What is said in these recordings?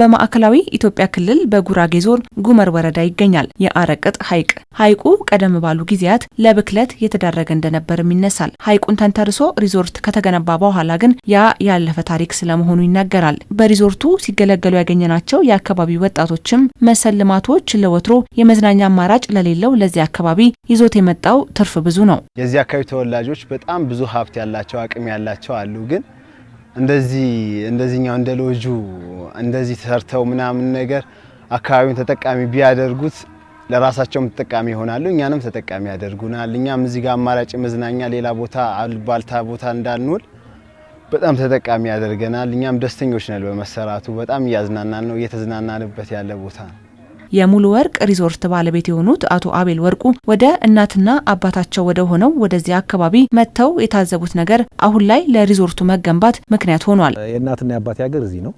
በማዕከላዊ ኢትዮጵያ ክልል በጉራጌ ዞን ጉመር ወረዳ ይገኛል የአረቅጥ ሐይቅ። ሐይቁ ቀደም ባሉ ጊዜያት ለብክለት የተዳረገ እንደነበርም ይነሳል። ሐይቁን ተንተርሶ ሪዞርት ከተገነባ በኋላ ግን ያ ያለፈ ታሪክ ስለመሆኑ ይናገራል። በሪዞርቱ ሲገለገሉ ያገኘናቸው የአካባቢው ወጣቶችም መሰል ልማቶች ለወትሮ የመዝናኛ አማራጭ ለሌለው ለዚህ አካባቢ ይዞት የመጣው ትርፍ ብዙ ነው። የዚህ አካባቢ ተወላጆች በጣም ብዙ ሀብት ያላቸው አቅም ያላቸው አሉ ግን እንደዚህ እንደዚህኛው እንደ ሎጁ እንደዚህ ተሰርተው ምናምን ነገር አካባቢውን ተጠቃሚ ቢያደርጉት ለራሳቸውም ተጠቃሚ ይሆናሉ፣ እኛንም ተጠቃሚ ያደርጉናል። እኛም እዚህ ጋር አማራጭ መዝናኛ ሌላ ቦታ አልባልታ ቦታ እንዳንውል በጣም ተጠቃሚ ያደርገናል። እኛም ደስተኞች ነን በመሰራቱ። በጣም እያዝናናን ነው፣ እየተዝናናንበት ያለ ቦታ ነው። የሙሉ ወርቅ ሪዞርት ባለቤት የሆኑት አቶ አቤል ወርቁ ወደ እናትና አባታቸው ወደ ሆነው ወደዚህ አካባቢ መጥተው የታዘቡት ነገር አሁን ላይ ለሪዞርቱ መገንባት ምክንያት ሆኗል። የእናትና የአባቴ ሀገር እዚህ ነው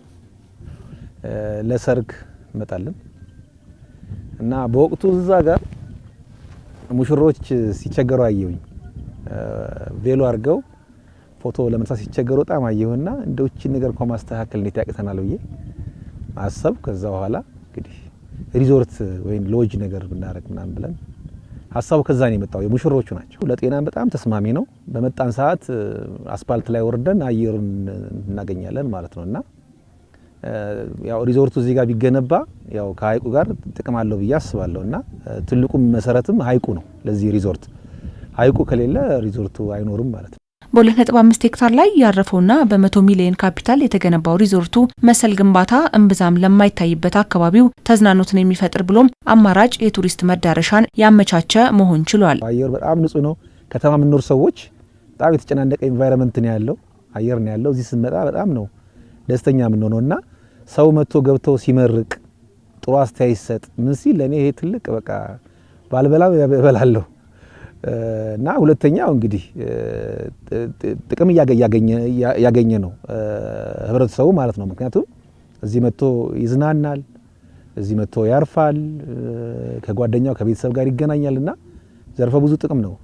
ለሰርግ እንመጣለን እና በወቅቱ እዛ ጋር ሙሽሮች ሲቸገሩ አየሁኝ። ቬሎ አድርገው ፎቶ ለመነሳት ሲቸገሩ በጣም አየሁና እንደው እቺን ነገር እንኳን ማስተካከል እንዴት ያቅተናል ብዬ አሰብ። ከዛ በኋላ እንግዲህ ሪዞርት ወይም ሎጅ ነገር ብናደርግ ምናምን ብለን ሀሳቡ ከዛ ነው የመጣው። የሙሽሮቹ ናቸው። ለጤናም በጣም ተስማሚ ነው። በመጣን ሰዓት አስፓልት ላይ ወርደን አየሩን እናገኛለን ማለት ነውና ያው ሪዞርቱ እዚህ ጋር ቢገነባ ያው ከሀይቁ ጋር ጥቅም አለው ብዬ አስባለሁ እና ትልቁም መሰረትም ሀይቁ ነው ለዚህ ሪዞርት። ሀይቁ ከሌለ ሪዞርቱ አይኖርም ማለት ነው። በሁለት ነጥብ አምስት ሄክታር ላይ ያረፈውና በመቶ ሚሊዮን ካፒታል የተገነባው ሪዞርቱ መሰል ግንባታ እምብዛም ለማይታይበት አካባቢው ተዝናኖትን የሚፈጥር ብሎም አማራጭ የቱሪስት መዳረሻን ያመቻቸ መሆን ችሏል። አየር በጣም ንጹህ ነው። ከተማ የምንኖር ሰዎች በጣም የተጨናነቀ ኤንቫይረመንት ነው ያለው አየር ነው ያለው። እዚህ ስንመጣ በጣም ነው ደስተኛ የምንሆነው እና ሰው መጥቶ ገብተው ሲመርቅ ጥሩ አስተያየት ይሰጥ ምን ሲል ለእኔ ይሄ ትልቅ በቃ ባልበላም እበላለሁ። እና ሁለተኛው እንግዲህ ጥቅም እያገኘ ነው ህብረተሰቡ ማለት ነው። ምክንያቱም እዚህ መጥቶ ይዝናናል፣ እዚህ መጥቶ ያርፋል፣ ከጓደኛው ከቤተሰብ ጋር ይገናኛል እና ዘርፈ ብዙ ጥቅም ነው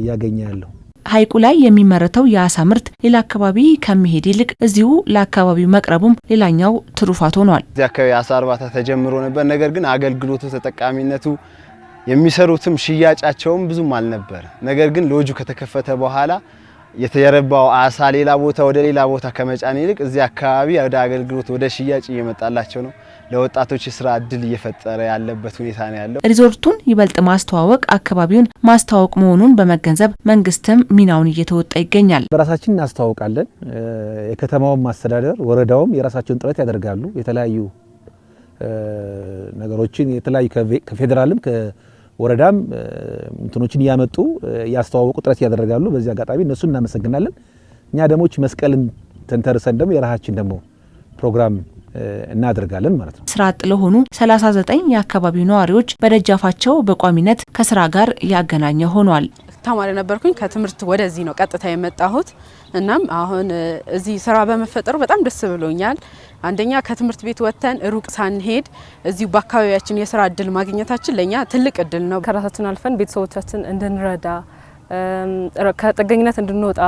እያገኘ ያለው። ሐይቁ ላይ የሚመረተው የአሳ ምርት ሌላ አካባቢ ከሚሄድ ይልቅ እዚሁ ለአካባቢው መቅረቡም ሌላኛው ትሩፋት ሆኗል። እዚህ አካባቢ የአሳ እርባታ ተጀምሮ ነበር። ነገር ግን አገልግሎቱ፣ ተጠቃሚነቱ፣ የሚሰሩትም ሽያጫቸውም ብዙም አልነበር። ነገር ግን ሎጁ ከተከፈተ በኋላ የተየረባው አሳ ሌላ ቦታ ወደ ሌላ ቦታ ከመጫን ይልቅ እዚህ አካባቢ ወደ አገልግሎት ወደ ሽያጭ እየመጣላቸው ነው። ለወጣቶች የስራ እድል እየፈጠረ ያለበት ሁኔታ ነው ያለው። ሪዞርቱን ይበልጥ ማስተዋወቅ አካባቢውን ማስተዋወቅ መሆኑን በመገንዘብ መንግስትም ሚናውን እየተወጣ ይገኛል። በራሳችን እናስተዋውቃለን። የከተማውን ማስተዳደር ወረዳውም የራሳቸውን ጥረት ያደርጋሉ። የተለያዩ ነገሮችን የተለያዩ ከፌዴራልም ወረዳም እንትኖችን እያመጡ እያስተዋወቁ ጥረት እያደረጋሉ። በዚህ አጋጣሚ እነሱን እናመሰግናለን። እኛ ደሞች መስቀልን ተንተርሰን ደግሞ የራሳችን ደግሞ ፕሮግራም እናደርጋለን ማለት ነው። ስራ አጥ ለሆኑ 39 የአካባቢው ነዋሪዎች በደጃፋቸው በቋሚነት ከስራ ጋር ያገናኘ ሆኗል። ተማሪ ነበርኩኝ። ከትምህርት ወደዚህ ነው ቀጥታ የመጣሁት። እናም አሁን እዚህ ስራ በመፈጠሩ በጣም ደስ ብሎኛል። አንደኛ ከትምህርት ቤት ወጥተን ሩቅ ሳንሄድ እዚሁ በአካባቢያችን የስራ እድል ማግኘታችን ለእኛ ትልቅ እድል ነው። ከራሳችን አልፈን ቤተሰቦቻችን እንድንረዳ ከጥገኝነት እንድንወጣ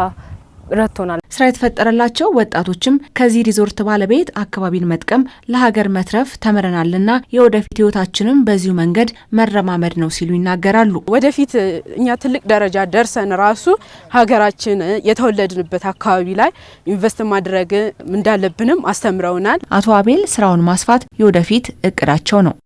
ረድቶናል። ስራ የተፈጠረላቸው ወጣቶችም ከዚህ ሪዞርት ባለቤት አካባቢን መጥቀም ለሀገር መትረፍ ተምረናልና የወደፊት ህይወታችንም በዚሁ መንገድ መረማመድ ነው ሲሉ ይናገራሉ። ወደፊት እኛ ትልቅ ደረጃ ደርሰን ራሱ ሀገራችን የተወለድንበት አካባቢ ላይ ኢንቨስት ማድረግ እንዳለብንም አስተምረውናል። አቶ አቤል ስራውን ማስፋት የወደፊት እቅዳቸው ነው።